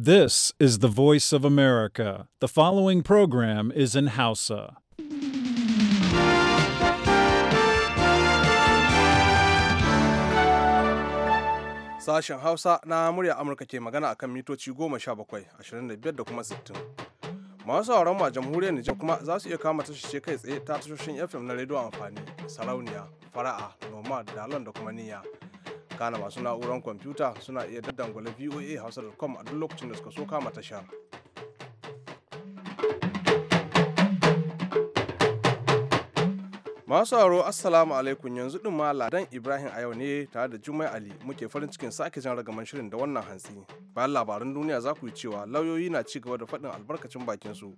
This is the voice of America. The following program is in Hausa. Sashen Hausa na murya Amurka ke magana akan mitoci goma sha bakwai, ashirin da biyar da kuma sittin. Masu sauran ma jamhuriyar Nijar kuma za su iya kama tashoshe kai tsaye ta tashoshin FM na rediyo amfani, sarauniya, fara'a, nomad, dalon da kuma niyya. kana masu na'urar kwamfuta suna iya daddangwale voa hausa.com a duk lokacin da suka so kama tashar. Masu aro Assalamu alaikum yanzu ɗin Ladan Ibrahim a yau ne tare da Jummai Ali muke farin cikin sake jan ragaman shirin da wannan hantsi. Bayan labaran duniya za ku yi cewa lauyoyi na ci gaba da faɗin albarkacin bakin su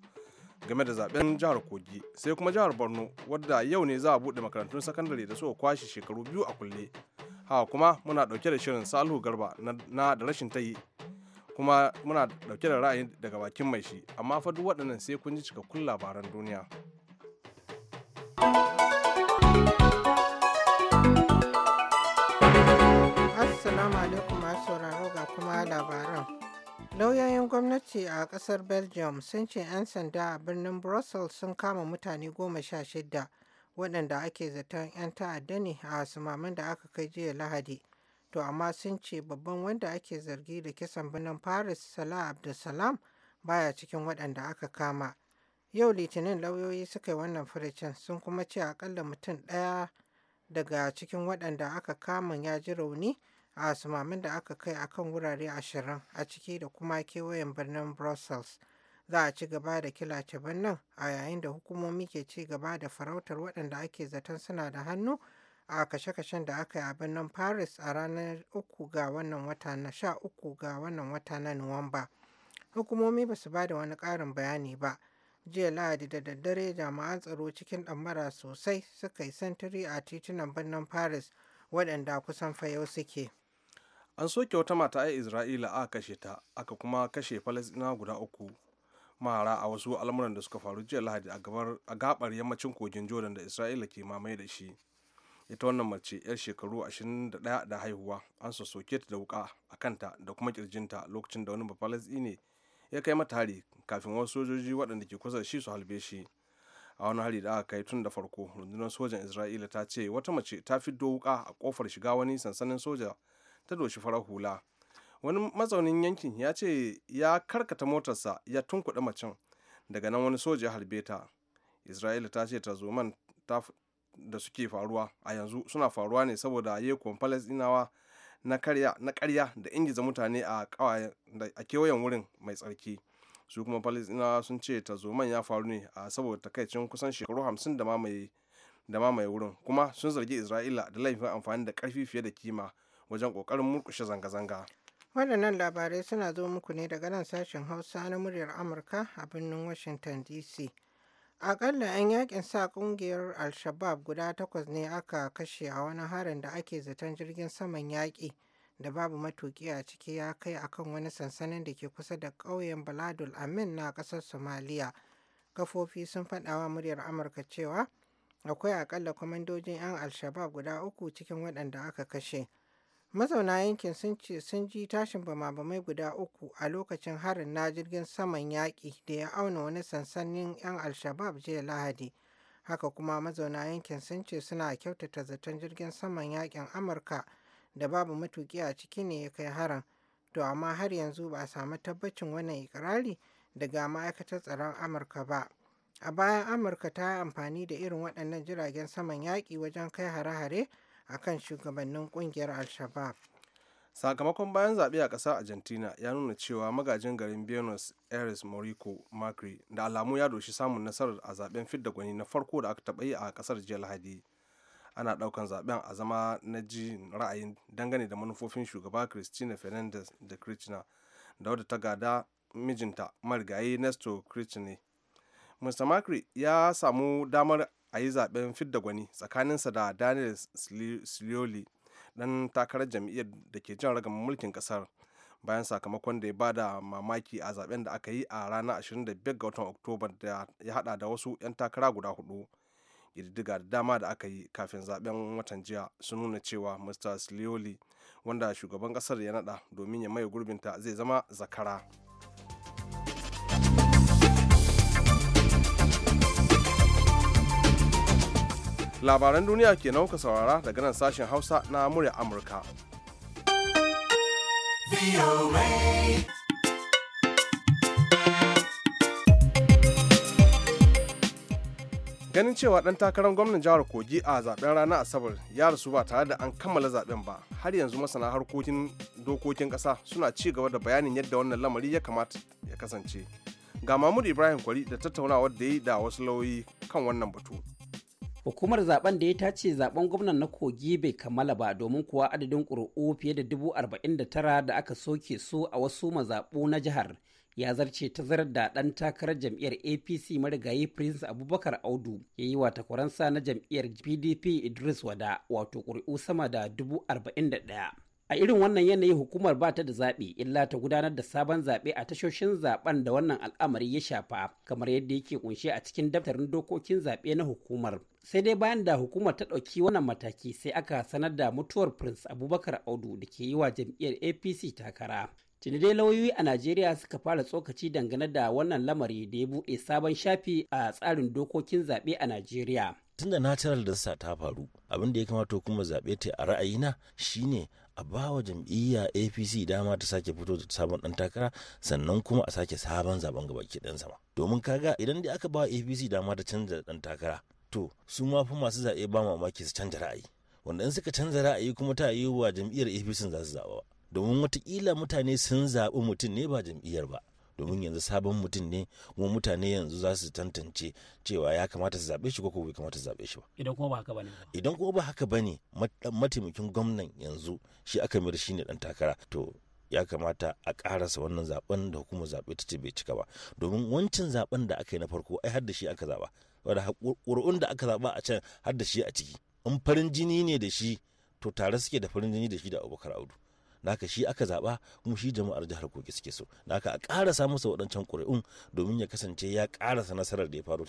game da zaben jihar Kogi sai kuma jihar Borno wadda yau ne za a buɗe makarantun sakandare da suka kwashe shekaru biyu a kulle. haka kuma muna ɗauke da shirin salihu garba na da rashin tayi kuma muna ɗauke da ra'ayi daga bakin mai shi amma fa duk waɗannan sai kun ji cikakkun labaran duniya assalamu alaikum masu sauraro ga kuma labaran lauyoyin gwamnati a kasar belgium sun ce 'yan sanda a birnin brussels sun kama mutane goma sha shida waɗanda ake zaton 'yan ta'adda ne a asimamin da aka kai jiya lahadi to amma sun ce babban wanda ake zargi da kisan birnin paris salah abdulsalam baya cikin waɗanda aka kama yau litinin lauyoyi suka yi wannan furicin sun kuma ce akalla mutum ɗaya daga cikin waɗanda aka kama ya ji rauni a asimamin da aka kai akan wurare ashirin a ciki da kuma kewayen birnin brussels za a ci gaba da killace birnin a yayin da hukumomi ke ci gaba da farautar waɗanda ake zaton suna da hannu a kashe-kashen da aka yi a birnin paris a ranar 3 ga wannan wata na sha uku ga wannan wata na nuwamba hukumomi ba su ba da wani ƙarin bayani ba jiya lahadi da daddare jami'an tsaro cikin ɗamara sosai suka yi sentiri a titunan birnin paris waɗanda kusan fayau suke an soke wata mata a isra'ila aka kashe ta aka kuma kashe falasɗina guda uku mahara a wasu al'amuran da suka faru jiya lahadi a gabar yammacin kogin jordan da isra'ila ke mamaye da shi ita wannan mace yar shekaru 21 da haihuwa an sassoke ta da wuka a kanta da kuma kirjinta lokacin da wani ne ya kai mata hari kafin wasu sojoji waɗanda ke kusa da shi su halbe shi a wani hari da aka kai tun da farko rundunar sojan isra'ila ta ce wata mace ta fiddo wuka a kofar shiga wani sansanin soja ta doshi farar hula wani mazaunin yankin ya ce ya karkata motarsa ya tunkuɗe macen daga nan wani soja ya harbe ta isra'ila ta ce tarzoman da suke faruwa a yanzu suna faruwa ne saboda yekon dinawa na karya da ingiza mutane a kewayen wurin mai tsarki su kuma palestinawa sun ce tarzoman ya faru ne a saboda takaicin kusan shekaru hamsin da mamaye da wurin kuma sun zargi isra'ila da laifin amfani da karfi fiye da kima wajen kokarin murkushe zanga-zanga Waɗannan labarai suna zo muku ne daga nan sashen Hausa na muryar Amurka a birnin Washington DC. Aƙalla 'yan yakin sa ƙungiyar al shabaab guda takwas ne aka kashe a wani harin da ake zaton jirgin saman yaƙi da babu matuƙi a ciki ya kai akan wani sansanin da ke kusa da ƙauyen Baladul Amin na ƙasar Somalia. Kafofi sun faɗawa muryar Amurka cewa akwai aƙalla kwamandojin 'yan al shabaab guda uku cikin waɗanda aka kashe. Mazauna yankin sun ce sun ji tashin bama-bamai guda uku a lokacin harin na jirgin saman yaƙi da ya auna wani sansanin 'yan Alshabab jiya Lahadi. Haka kuma mazauna yankin sun ce suna kyautata zaton jirgin saman yaƙin Amurka da babu matuƙi a ciki ne ya kai harin. To amma har yanzu ba a samu tabbacin wannan ikirari daga ma'aikatar tsaron Amurka ba. A baya Amurka ta yi amfani da irin waɗannan jiragen saman yaƙi wajen kai hare-hare akan shugabannin kungiyar al-shabab sakamakon bayan zaɓe a ƙasar argentina ya nuna cewa magajin garin buenos aires morico macri da alamu ya doshi samun nasarar a zaɓen fidda gwani na farko da aka taɓa yi a ƙasar jiya lahadi ana ɗaukan zaɓen a zama na ji ra'ayin dangane da manufofin shugaba christina fernandez da kirchner da wadda ta gada mijinta marigayi nesto kirchner mr macri ya samu damar a yi zaɓen fidda gwani tsakaninsa da daniel silioli dan takarar jam'iyyar da ke jan ragaman mulkin kasar bayan sakamakon da ya ba da mamaki a zaɓen da aka yi a ranar 25 ga watan oktoba da ya hada da wasu 'yan takara guda hudu ƙididdiga da dama da aka yi kafin zaɓen watan jiya sun nuna cewa mr silioli wanda shugaban kasar ya nada domin ya maye gurbinta zai zama zakara. labaran duniya ke nauka saurara daga nan sashen hausa na murya amurka ganin cewa ɗan takarar gwamnan jihar kogi a zaben ranar asabar ya rasu ba tare da an kammala zaben ba har yanzu masana harkokin dokokin ƙasa suna ci gaba da bayanin yadda wannan lamari ya kamata ya kasance ga mahmud ibrahim kwari da tattaunawar da ya yi da wasu lauyi kan wannan batu Hukumar zaben da ya tace zaben gwamnan na kogi bai kammala ba domin kuwa adadin ƙuri'u fiye da dubu arba'in da tara da aka soke su a wasu mazaɓu na jihar ya zarce tazarar da ɗan takarar jam'iyyar APC marigayi Prince Abubakar Audu ya yi wa takwaransa na jam'iyyar PDP Idris Wada wato ƙuri'u sama da dubu arba'in da ɗaya. a irin wannan yanayi hukumar ba ta da zaɓe, illa ta gudanar da sabon zaɓe a tashoshin zaɓen da wannan al'amari ya shafa kamar yadda yake kunshe a cikin daftarin dokokin zaɓe na hukumar sai dai bayan da hukumar ta ɗauki wannan mataki sai aka sanar da mutuwar prince abubakar audu da ke yi wa jam'iyyar apc takara tuni dai lauyoyi a najeriya suka fara tsokaci dangane da wannan lamari da ya buɗe sabon shafi a tsarin dokokin zaɓe a najeriya tunda natural sasa ta faru abin da ya kamata hukumar zaɓe ta a ra'ayina shine a ba wa jam'iyya apc dama ta sake fito da sabon dan takara sannan kuma a sake sabon zaben gabaki ɗan sama domin kaga idan dai aka ba apc dama ta canza dan takara to su ma fa masu zaɓe ba mamaki su canza ra'ayi wanda in suka canza ra'ayi kuma ta yi wa jam'iyyar apc za su zaɓa domin watakila mutane sun zaɓi mutum ne ba jam'iyyar ba domin yanzu sabon mutum ne kuma mutane yanzu za su tantance cewa ya kamata su zaɓe shi ko bai kamata su zaɓe shi ba idan kuma ba haka bane idan kuma ba haka bane mataimakin gwamnan yanzu shi aka mira shi ne dan takara to ya kamata a karasa wannan zaben da hukumar zaɓe ta ce bai cika ba domin wancan zaben da aka yi na farko ai har da shi aka zaɓa wanda ƙuri'un da aka zaɓa a can har da shi a ciki in farin jini ne da shi to tare suke da farin jini da shi da abubakar audu naka shi aka zaba kuma shi jama'ar jihar kogi suke so naka a ƙarasa masa waɗancan ƙuri'un domin ya kasance ya ƙarasa nasarar da ya faru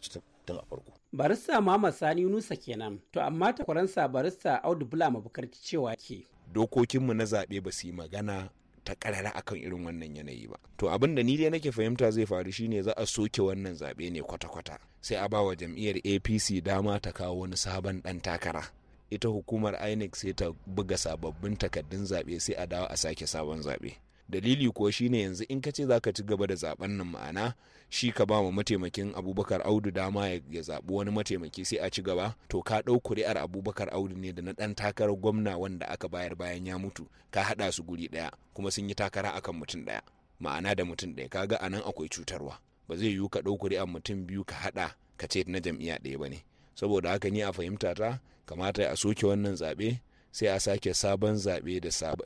tun a farko. barista muhammad sani yunusa kenan to amma takwaransa barista audu bula mabukarci cewa ke. dokokinmu na zaɓe ba su yi magana ta ƙarara akan irin wannan yanayi ba to abin da ni dai nake fahimta zai faru shine za a soke wannan zaɓe ne kwata-kwata sai a ba jam'iyyar apc dama ta kawo wani sabon ɗan takara ita hukumar inec sai ta buga sababbin takaddun zaɓe sai a dawo a sake sabon zaɓe dalili kuwa shine yanzu in ka ce za ka ci gaba da zaben nan ma'ana shi ka ba ma mataimakin abubakar audu dama ya zaɓi wani mataimaki sai a ci gaba to ka ɗau kuri'ar abubakar audu ne da na ɗan takarar gwamna wanda aka bayar bayan ya mutu ka haɗa su guri ɗaya kuma sun yi takara akan mutum ɗaya ma'ana da mutum ɗaya kaga a nan akwai cutarwa ba zai yiwu ka ɗau kuri'ar mutum biyu ka haɗa ka ce na jam'iyya ɗaya ba ne saboda haka ni a fahimta ta kamata a soke wannan zaɓe sai a sake sabon zaɓe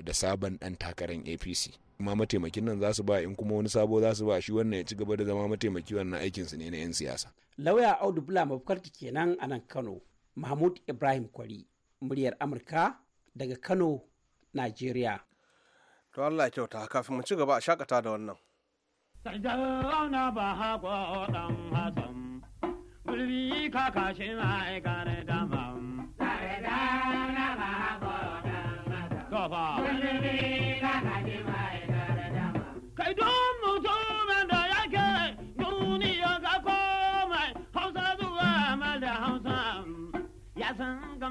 da sabon ɗan takarar apc kuma mataimakin nan za su ba in kuma wani sabo za su ba shi wannan ya ci gaba da zama mataimaki wannan aikin su ne na 'yan siyasa lauya audu bula mafarki kenan a nan kano mahmud ibrahim kwari muryar amurka daga kano nigeria to allah kyauta kafin mu ci gaba a shakata da wannan Sardauna ba haƙo ɗan gulbi kakashin dama.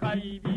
该。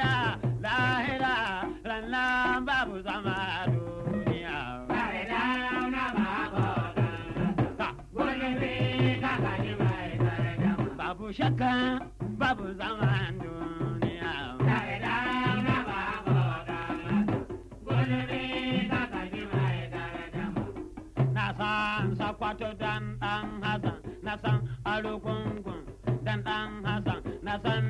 duniya lahira rannan babu zama duniya. da na da ɗan makotan, arukungun Hassan,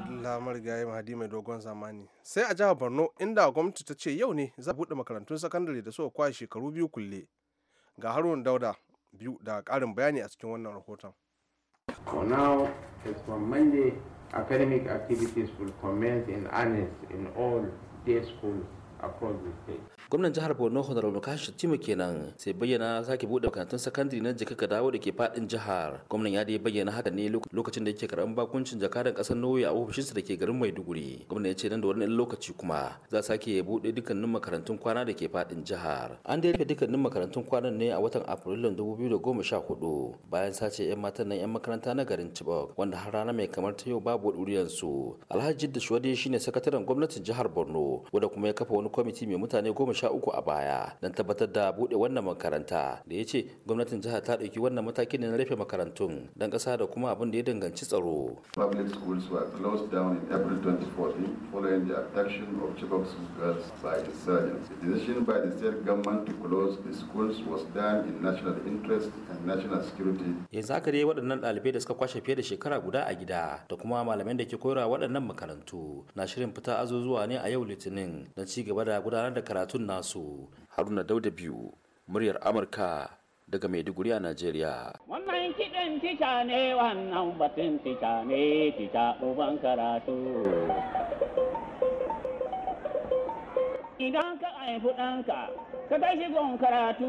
madalla marigayi mahadi mai dogon zamani sai a jihar borno inda gwamnati ta ce yau ne za a buɗe makarantun sakandare da suka kwashe shekaru biyu kulle ga haruna dauda biyu da ƙarin bayani a cikin wannan rahoton For now, from Monday, academic activities will commence in earnest in all day schools across the state. gwamnan jihar borno honorable kashi tima kenan sai bayyana sake bude makarantun sakandare na jika dawo da ke fadin jihar gwamnan ya dai bayyana haka ne lokacin da yake karban bakuncin jakadan kasar norway a ofishinsa da ke garin maiduguri gwamnan ya ce nan da wani lokaci kuma za sake bude dukkanin makarantun kwana da ke fadin jihar an dai rufe dukkanin makarantun kwanan ne a watan afrilun 2014 bayan sace yan matan nan yan makaranta na garin chibok wanda har rana mai kamar ta yau babu su alhaji da shi shine sakataren gwamnatin jihar borno wanda kuma ya kafa wani kwamiti mai mutane goma sha uku a baya don tabbatar da buɗe wannan makaranta da ya ce gwamnatin jihar ta ɗauki wannan matakin na rufe makarantun don ƙasa da kuma abin da ya danganci tsaro. Public schools were of Chibok girls by insurgents. close the schools was done in national interest and national Yanzu haka dai waɗannan ɗalibai da suka kwashe fiye da shekara guda a gida da kuma malamai da ke koyarwa waɗannan makarantu na shirin fita azuzuwa ne a yau litinin don ci gaba da gudanar da karatun nasu haruna dauda biyu muryar amurka daga maiduguri a najeriya wannan kiɗin tica ne wannan batun tisha ne tisha uban karatu idan ka haifi ɗanka ka kai shi gon karatu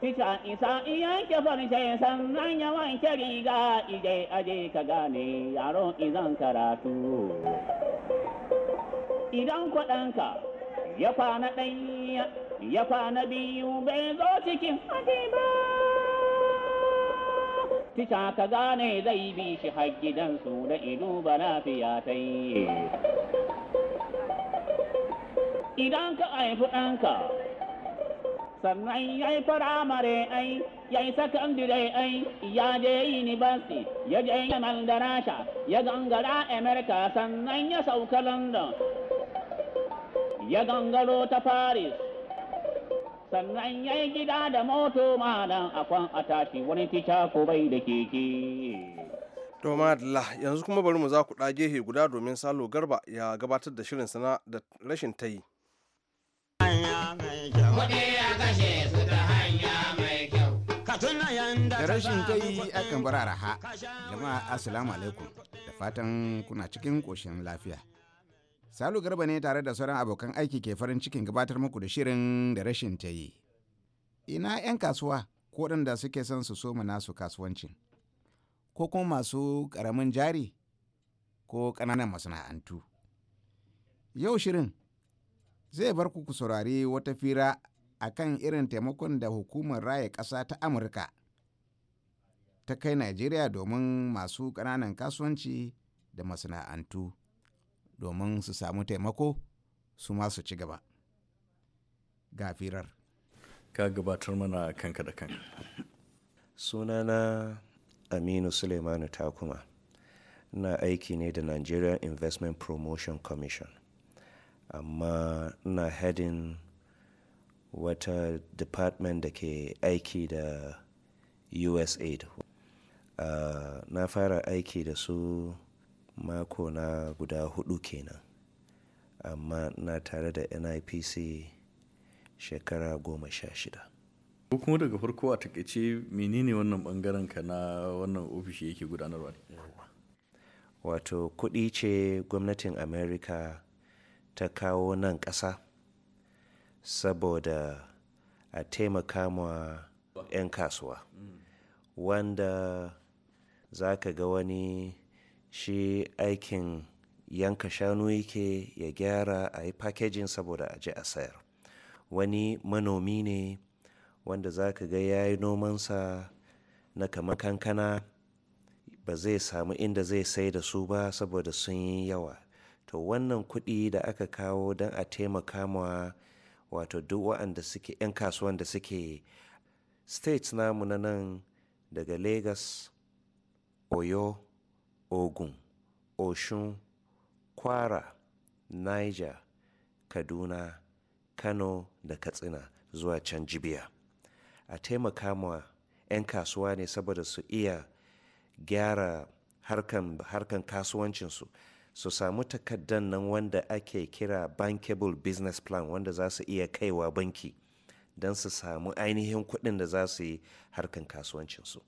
tica isa iya ke farce sannan ya wanke riga ije aje ka gane yaro izan karatu idan kwaɗanka ya kwana ɗaya ya kwana biyu bai zo cikin haɗe ba tisha ka gane zai bi shi har gidansu da ido ba lafiya ta yi idan ka haifi ɗanka sannan ya yi firamare ai ya yi sakandire ai ya je university ya je yamal da rasha ya gangara Amurka, sannan ya sauka london ya gangaro ta Paris. Sannan ya yi gida da moto manan akwan a tashi wani tica ko bai da keke. Toma madalla yanzu kuma bari mu za ku gehe guda domin Salo Garba ya gabatar da shirin sana da rashin tayi. Da rashin tayi akan bar raha Jama'a Assalamu alaikum da fatan kuna cikin ƙoshin lafiya. Salu Garba ne tare da sauran abokan aiki ke farin cikin gabatar muku da shirin da rashin ta yi. Ina 'yan kasuwa ko da suke son su soma nasu kasuwancin, ko kuma masu ƙaramin jari ko ƙananan masana'antu. Yau shirin zai bar ku ku saurari wata fira a kan irin taimakon da hukumar raya ƙasa ta Amurka ta kai Najeriya domin masu ƙananan kasuwanci da masana'antu. domin su samu taimako su ma ci gaba ga ka gabatar mana kanka da kanka sunana aminu suleimanu takuma na aiki ne da nigeria investment promotion commission amma na heading wata department da ke aiki da usaid uh, ah, na fara aiki da su mako na guda hudu kenan amma na tare da NIPC shekara goma sha shida. kuma daga farko a takaice menene wannan bangaren ka na wannan ofishi yake gudanarwa ne? Wato kuɗi ce gwamnatin Amerika ta kawo nan ƙasa saboda a taimaka ma 'yan kasuwa mm. wanda za ka ga wani shi aikin yanka shanu yake ya gyara a yi packaging saboda a je a sayar wani manomi ne wanda za ka ga ya yi nomansa na kama kankana ba zai samu inda zai sai da su ba saboda sun yi yawa to wannan kuɗi da aka kawo don a taimaka ma wato duk waɗanda suke 'yan kasuwan da suke states namu na nan daga lagos oyo Ogun, Oshun, Kwara, Niger, Kaduna, Kano da Katsina zuwa can Jibiya. A taimaka ma 'yan kasuwa ne saboda su iya gyara harkan, harkan kasuwancinsu su samu takaddan nan wanda ake kira bankable business plan wanda za su iya kaiwa banki don su samu ainihin kuɗin da za su yi harkan kasuwancinsu.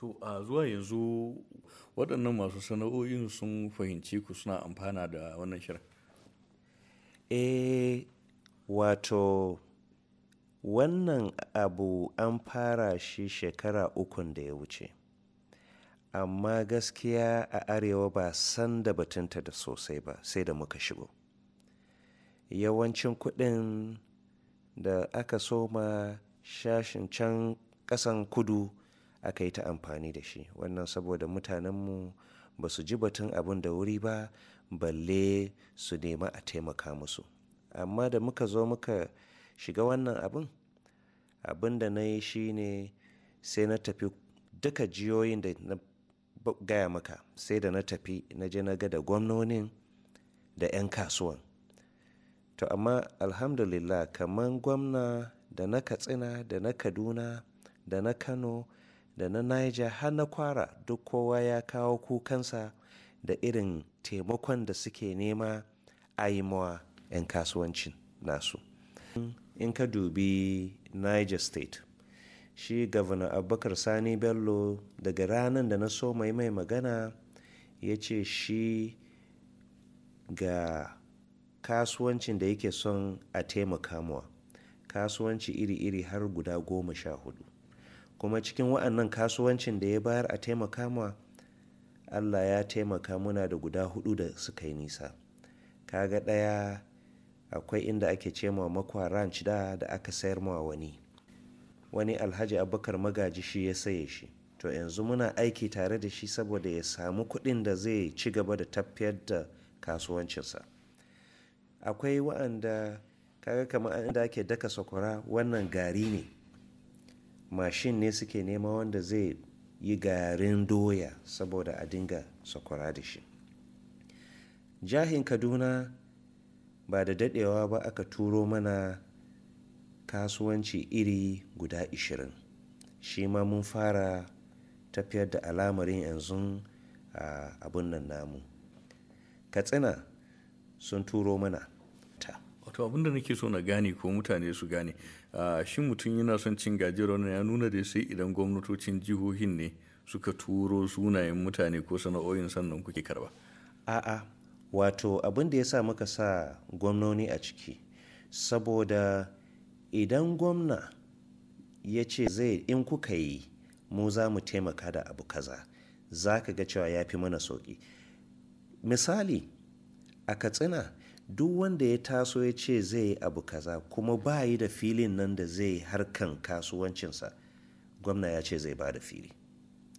To a zuwa yanzu waɗannan masu sana'o'in sun fahimci ku suna amfana da wannan shirin. Eh wato wannan abu an fara shi shekara ukun da ya wuce. Amma gaskiya a arewa ba san da batunta da sosai ba sai da muka shigo. Yawancin kuɗin da aka soma shashin can ƙasan kudu aka yi ta amfani da shi wannan saboda mutanenmu ba su ji batun abin da wuri ba balle su nema a taimaka musu amma da muka zo muka shiga wannan abin abin da na yi shi ne sai na tafi duka jiyoyin da na gaya maka sai da na tafi na je na ga da gwamnonin da 'yan kasuwan to amma alhamdulillah kamar gwamna da na katsina da na kaduna da na kano da na niger har na kwara duk kowa ya kawo kukansa da irin taimakon da suke nema a yi mawa 'yan kasuwancin nasu in ka dubi niger state shi governor abubakar sani bello daga ranar da na so mai mai magana ya ce shi ga kasuwancin da yake son a taimaka mawa kasuwanci iri-iri har guda goma sha hudu kuma cikin wa'annan kasuwancin da ya bayar a taimaka ma allah ya taimaka muna da guda hudu da suka yi nisa kaga ɗaya akwai inda ake ce ma makwa ranch da da aka sayar ma wani wani alhaji abubakar magaji shi ya saye shi to yanzu muna aiki tare da shi saboda ya samu kuɗin da zai ci gaba da tafiyar da kasuwancinsa akwai wa'anda kaga kamar inda ake daka sakwara wannan gari ne mashin ne suke nema wanda zai yi garin doya saboda a dinga sakwara da shi jahin kaduna ba da dadewa ba aka turo mana kasuwanci iri guda 20 shi ma mun fara tafiyar da alamarin yanzu a abun nan namu katsina sun turo mana wato abin da nake so na gane ko mutane su gane shin mutum yana son cin gajiyar wannan ya nuna da sai idan gwamnatocin jihohin ne suka turo sunayen mutane ko sana'o'in sannan kuke karba a'a wato abin da ya sa muka sa gwamnoni a ciki saboda idan gwamna ya ce zai in kuka yi mu za mu taimaka da abu kaza za ka ga cewa ya fi mana sauƙi misali a katsina duk wanda ya taso ya ce zai yi abu kaza kuma ba yi da filin nan da zai harkan kasuwancinsa gwamna ya ce zai ba da fili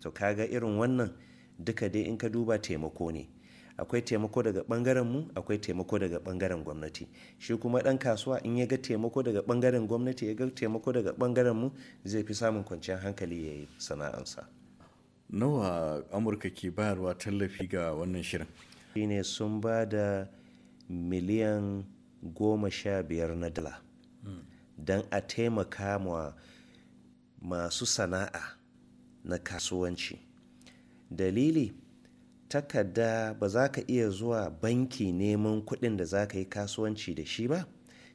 to kaga irin wannan duka dai in ka duba taimako ne akwai taimako daga bangaren mu akwai taimako daga bangaren gwamnati shi kuma dan kasuwa in ya ga taimako daga bangaren gwamnati ya ga taimako daga bangaren mu zai fi samun kwanciyar hankali ya yi sana'ansa nawa amurka ke bayarwa tallafi ga wannan shirin shine sun ba da miliyan goma sha biyar na dala don a taimaka ma masu sana'a na kasuwanci dalili takarda ba za ka iya zuwa banki neman kuɗin da za ka yi kasuwanci da shi ba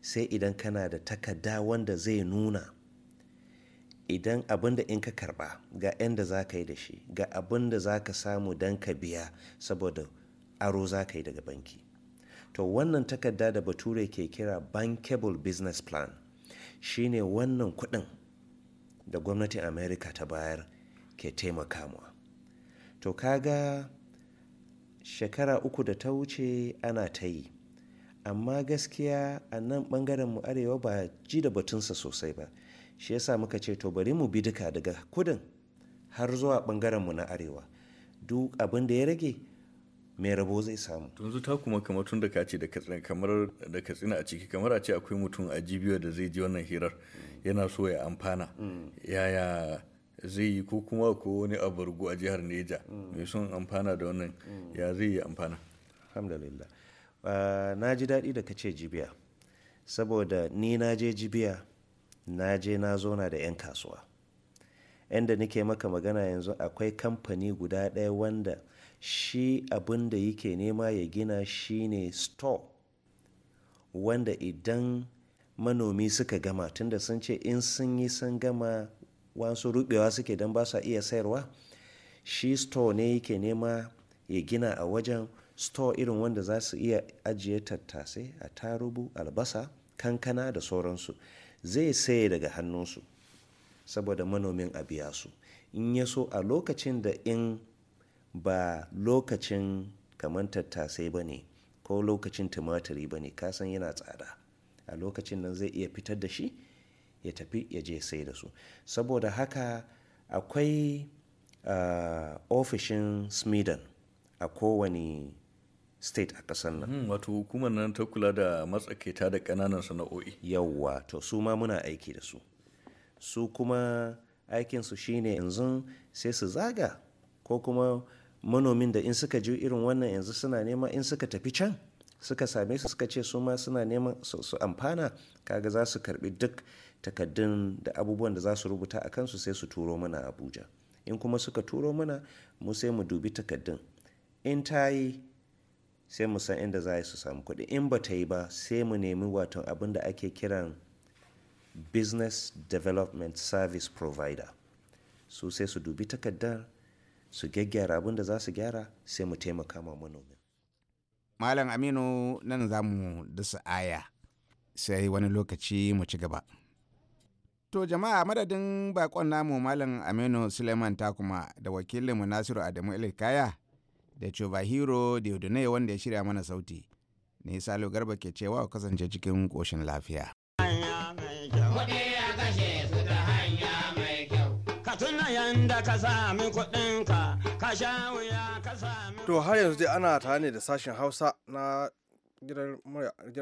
sai idan kana da takarda wanda zai nuna idan abin da in ka karba ga 'yan da za ka yi da shi ga abin da za ka samu don ka biya saboda aro za ka yi daga banki to wannan takarda da bature ke kira bankable business plan shine wannan kudin da gwamnatin america ta bayar ke taimaka to kaga shekara uku da ta wuce ana ta yi amma gaskiya a nan bangaren mu arewa ba ji da batunsa sosai ba shi yasa muka ce to bari mu bi duka daga kudin har zuwa bangaren mu na arewa duk abin da ya rage mai rabo zai samu. yanzu ta kuma kamar tun da ka ce da katsina kamar da katsina a ciki kamar a ce akwai mutum a jibiyar da zai ji wannan hirar yana so ya amfana yaya zai yi ko kuma ko wani bargu a jihar neja mai son amfana da wannan ya zai yi amfana. alhamdulillah ah, na ji daɗi da ka ce jibiya saboda ni na je jibiya na je na zona da 'yan kasuwa. yadda nake maka magana yanzu akwai kamfani guda ɗaya wanda shi abin da yake nema ya gina shi ne store wanda idan manomi suka gama tunda sun ce in sun yi sun gama wasu rubewa suke don ba sa iya sayarwa shi store ne yake nema ya gina a wajen store irin wanda za su iya ajiye tattasai a tarubu albasa kankana da sauransu zai saye daga hannunsu saboda manomin a biya su in ya so a lokacin da in ba lokacin kamar tattasai ba ne ko lokacin tumatiri ba ne kasan yana tsada a lokacin nan zai iya fitar da shi ya tafi ya je sai da su saboda haka akwai uh, ofishin smiden a kowane state a ƙasar nan hmm, wato hukumar nan ta kula da matsakaita da ƙananan sana'o'i yawwa to su ma muna aiki da su su kuma aikinsu shine yanzu sai su zaga ko kuma manomin da in suka ji irin wannan yanzu suna nema in suka tafi can suka same su suka ce su ma suna neman su amfana kaga za su karbi duk takaddun da abubuwan da za su rubuta a kansu sai su turo mana abuja in kuma suka turo mana mu sai mu dubi takaddun in ta yi sai mu san inda za su samu kuɗi in ba ta yi ba sai mu nemi wato abin da ake kiran business development service provider su sai su dubi takaddar su gyaggyara abin da za su gyara sai mu taimaka ma manomin malam aminu nan za mu dasa aya sai wani lokaci mu ci gaba To jama'a madadin bakon namu Malam Aminu Suleiman Takuma da wakilinmu Nasiru Adamu Ilkaya da da Diodune wanda ya shirya mana sauti. Ni Salo Garba ke cewa kasance cikin koshin lafiya. Kuɗi ya kashe su ta hanya mai kyau. Ka tuna yanda ka sami kuɗinka To har yanzu dai ana tare ne da sashen Hausa na gidan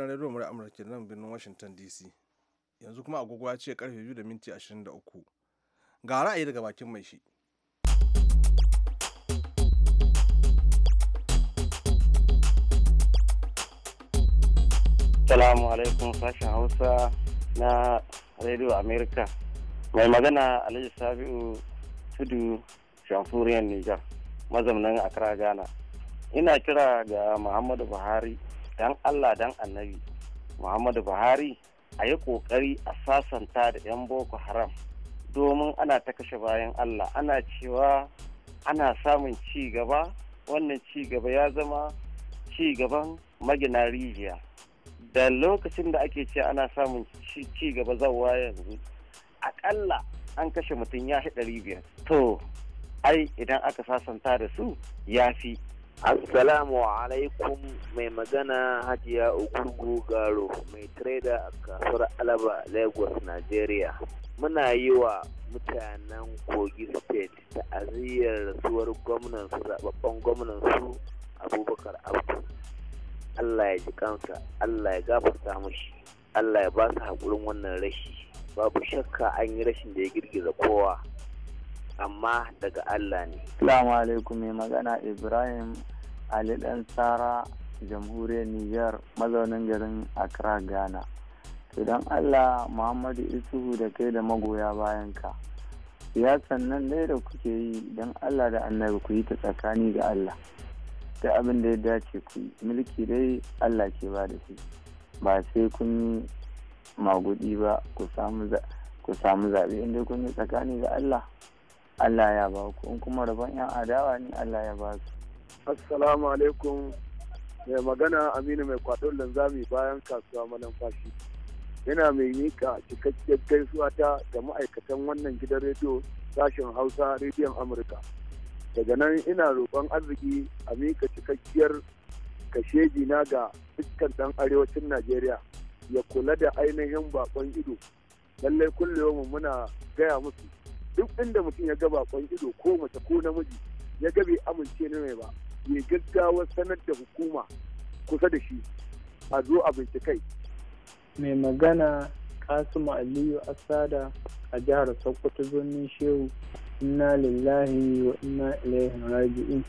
rediyo murya Amurka nan birnin Washington DC. Yanzu kuma agogo ya ce karfe biyu da minti 23. Ga ra'ayi daga bakin mai shi. Salamu alaikum sashen Hausa na rediyo Amurka Mai magana Alhaji Sabiu Tudu jamhuriyar Nijar mazaunin Accra Ghana. Ina kira ga Muhammadu Buhari dan Allah dan Annabi. Muhammadu Buhari a yi kokari a sasanta da 'yan Boko Haram domin ana ta kashe bayan Allah ana cewa ana samun ci gaba wannan ci gaba ya zama ci gaban magina rijiya da lokacin da ake ce ana samun ci gaba zawa yanzu akalla an kashe mutum ya shi ɗari biyar to ai idan aka sasanta da su ya fi Assalamu alaikum mai magana Hajiya Ogurgu Garo mai trader a kasuwar Alaba Lagos, Nigeria. Muna yi wa mutanen Kogi State ta'aziyyar rasuwar gwamnan su gwamnan su Abubakar Abdu. Allah ya ji kansa, Allah ya gafarta mushi, Allah ya ba su haƙurin wannan rashi. Babu shakka an yi rashin da ya girgiza kowa. amma daga Allah ne. Salamu alaikum mai magana Ibrahim Ali Dan Sara jamhuriyar Nijar mazaunin garin Accra Ghana. To Allah Muhammadu Isuhu da kai da magoya bayanka. Siyasan nan dai da kuke yi don Allah da annabi ku yi ta tsakani ga Allah. Da abin da ya dace ku yi mulki dai Allah ke ba da shi. Ba sai kun yi magudi ba ku samu zaɓe inda kun yi tsakani ga Allah. Allah ya ba ku in kuma rabon yan adawa ne Allah ya ba su assalamu alaikum mai magana aminu mai kwaɗon linzami bayan kasuwa malamfashi. yana mai mika cikakkiyar gaisuwa ta ga ma'aikatan wannan gidan rediyo sashen hausa rediyon amurka daga nan ina roƙon arziki a mika cikakkiyar kasheji na ga dukkan ɗan arewacin najeriya ya kula da ainihin baƙon ido lallai kullum muna gaya musu duk inda mutum ya gaba kwan ido ko mace ko namiji ya ga bai amince na mai ba ya gaggawa sanar da hukuma kusa da shi a zo a bincikai mai magana kasimu aliyu asada a jihar sokoto birnin shehu inna lillahi wa inna ilaihi raji'in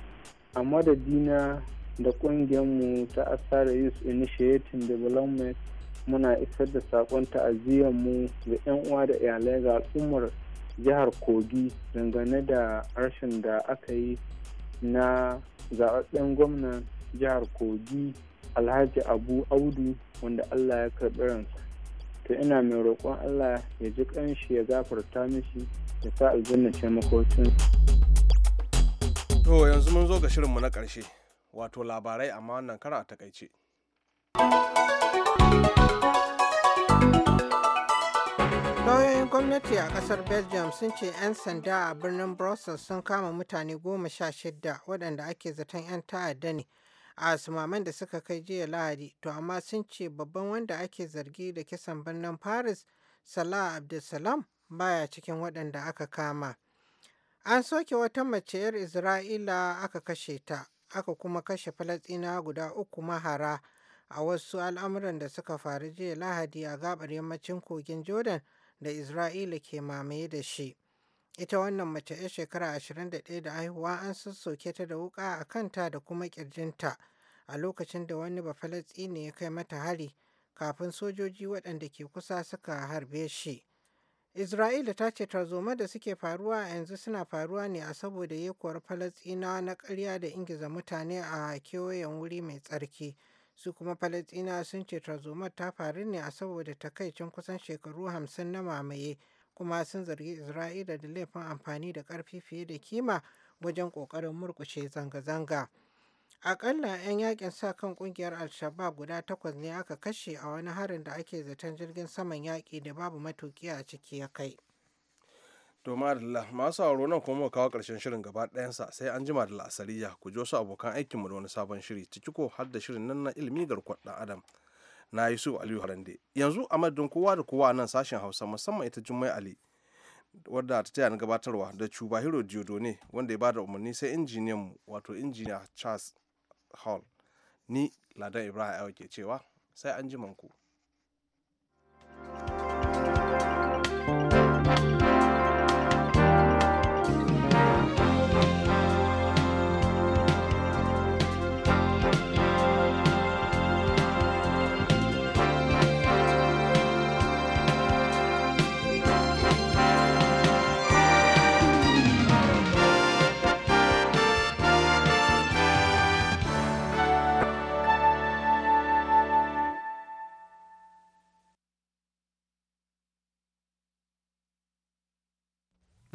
a madadina da mu ta asada youth initiative development muna isar da sakon ta'aziyyar mu ga 'yan uwa da iyalai ga al'ummar jihar kogi dangane da harshen da aka yi na zaɓaɓɓen gwamnan jihar kogi alhaji abu audu wanda allah ya karɓi ransa ta ina mai roƙon allah ya ji ƙanshi ya gafarta mishi ya sa aljanna ce makocin to yanzu mun zo ga shirinmu na ƙarshe wato labarai amma wannan kara a takaice. gwamnati a kasar belgium sun ce 'yan sanda a birnin brussels sun kama mutane goma sha shida waɗanda ake zaton 'yan ta'adda ne a sumaman da suka kai jiya lahadi to amma sun ce babban wanda ake zargi da kisan birnin paris salah abdulsalam baya cikin waɗanda aka kama an soke wata mace 'yar isra'ila aka kashe ta aka kuma kashe Falasɗina guda uku mahara a wasu al'amuran da suka faru jiya lahadi a gabar yammacin kogin jordan da Isra'ila ke mamaye da shi. Ita wannan mace 'yar shekara 21 da haihuwa an sassoke ta da wuƙa a kanta da kuma ƙirjinta a lokacin da wani ba ne ya kai mata hari kafin sojoji waɗanda ke kusa suka harbe shi. Isra'ila ta ce tarzoma da suke faruwa yanzu suna faruwa ne a saboda yekuwar Falasɗinawa na ƙarya da ingiza mutane a kewayen wuri mai tsarki. su kuma falastina sun ce tarzoma ta faru ne a saboda takaicin kusan shekaru hamsin na mamaye kuma sun zargi Isra'ila da laifin amfani da ƙarfi fiye da kima wajen ƙoƙarin murkushe zanga-zanga. Aƙalla 'yan yakin sa kan ƙungiyar al guda takwas ne aka kashe a wani harin da ake zaton jirgin saman yaƙi da babu matuƙi a ciki ya kai. domin adalla masu sauraro nan kuma kawo karshen shirin gaba sa sai an jima da la'asariya ku ji wasu abokan aikinmu da wani sabon shiri ciki ko har da shirin nan na ilimi garkuwar ɗan adam na yusuf aliyu harande yanzu a madadin kowa da kowa nan sashen hausa musamman ita jummai ali wadda ta taya na gabatarwa da cuba hero ne wanda ya bada umarni sai injiniyan mu wato injiniya charles hall ni ladan ibrahim ke cewa sai an jima ku. thank you